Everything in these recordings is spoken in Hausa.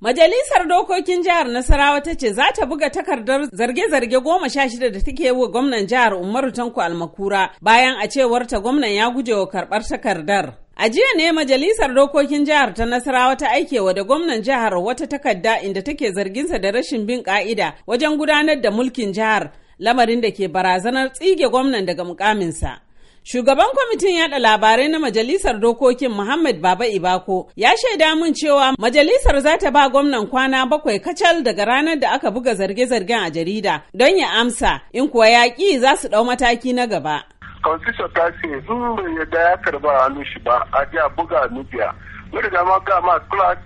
Majalisar Dokokin Jihar Nasarawa ta ce za ta buga takardar zarge-zarge goma sha shida da take wa gwamnan jihar Umaru Tanko Almakura bayan a cewarta gwamnan ya gujewa karɓar takardar. A jiya ne Majalisar Dokokin Jihar ta Nasarawa ta aike wa da gwamnan jihar wata takarda inda take zarginsa da rashin bin ka'ida wajen gudanar da mulkin jihar lamarin da ke barazanar tsige gwamnan daga mukaminsa. Shugaban kwamitin yada labarai na Majalisar Dokokin Muhammad Baba Ibako ya shaida mun cewa majalisar za ta ba gwamnan kwana bakwai kacal daga ranar da aka buga zarge-zargen a jarida don ya amsa in kuwa yaƙi za su ɗau mataki na gaba. Constitution ta ce in bai yadda ya karba hannun shi ba a a buga nubiya. Wani riga ma ga ma class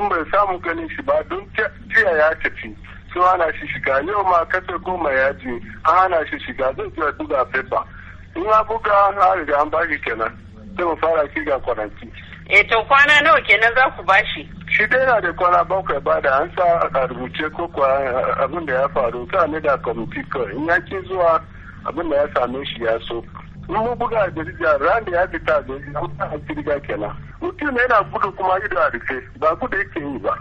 in bai samu ganin shi ba don jiya ya tafi. Sun hana shi shiga yau ma kasar goma yaji an hana shi shiga zai buga paper. in ma buga na riga an bashi kenan sai mu fara shi ga kwanaki e to kwana nawa kenan za ku bashi shi dai na da kwana bakwai ba da an sa a rubuce ko eh, abin da ya faru ta ne da kwamiti ko in ya ci zuwa abin da ya same shi ya so in mu buga da rijiya ran da ya fita da fita a riga kenan mutum yana gudu kuma ido a rufe ba gudu yake yi ba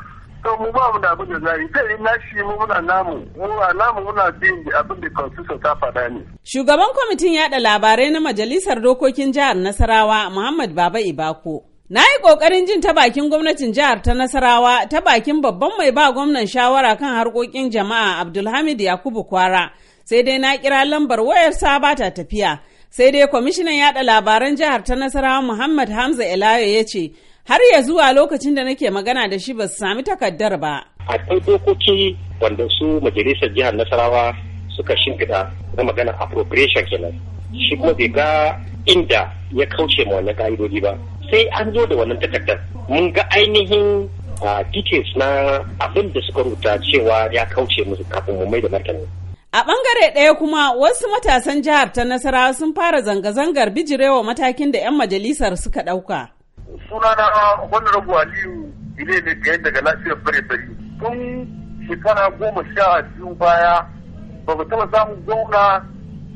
to mu ba mu da abin da zai sai na shi mu muna namu mu a namu muna bin abin da constitution ta faɗa ne. Shugaban kwamitin yaɗa labarai na majalisar dokokin jihar Nasarawa Muhammad Baba Ibako. Na yi ƙoƙarin jin ta bakin gwamnatin jihar ta Nasarawa ta bakin babban mai ba gwamnan shawara kan harkokin jama'a Abdulhamid Yakubu Kwara sai dai na kira lambar wayar sa ta tafiya. Sai dai kwamishinan yaɗa labaran jihar ta Nasarawa Muhammad Hamza Elayo ya ce har ya zuwa lokacin da nake magana da shi ba su sami takardar ba. Akwai dokoki wanda su majalisar jihar Nasarawa suka shimfiɗa na magana appropriation kenan. Shi kuma bai ga inda ya kauce ma wannan ka'idodi ba. Sai an zo da wannan takardar. Mun ga ainihin ah, details na abin da suka rubuta cewa ya kauce musu kafin mu mai da martani. A bangare ɗaya kuma wasu matasan jihar ta Nasarawa sun fara zanga-zangar bijirewa matakin da 'yan majalisar suka ɗauka. sunana wani rabu aliyu ile ne ga daga lafiyar bare bari tun shekara goma sha biyu baya ba mu taɓa samun gwamna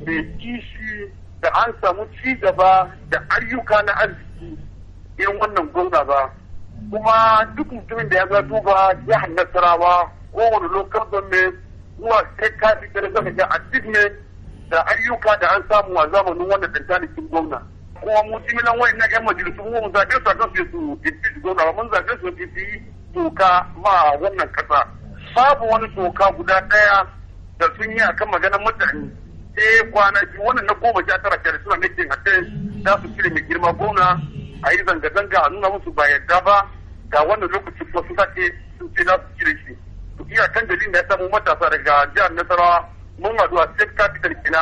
mai kishi da an samu ci gaba da ayyuka na arziki irin wannan gwamna ba kuma duk mutumin da ya ga duba ya nasarawa kowane local government zuwa fi capital zaka ga achievement da ayyuka da an samu a zamanin wannan dantanikin gwamna. kuma mu jimilan wayan na yan majalisu mun zaɓe su a kan su ibi gona mun zaɓe su ibi toka ma wannan kasa. babu wani toka guda ɗaya da sun yi akan maganar mutane sai eh, kwanaki wannan na goma sha tara kyar suna nake a kai za su cire mai girma gona a yi zanga-zanga a nuna musu ba yadda ba ga wannan lokacin kuma sun sake sun ce za su cire shi to iya kan dalilin da ya samu matasa daga jihar nasarawa mun haɗu a state capital kina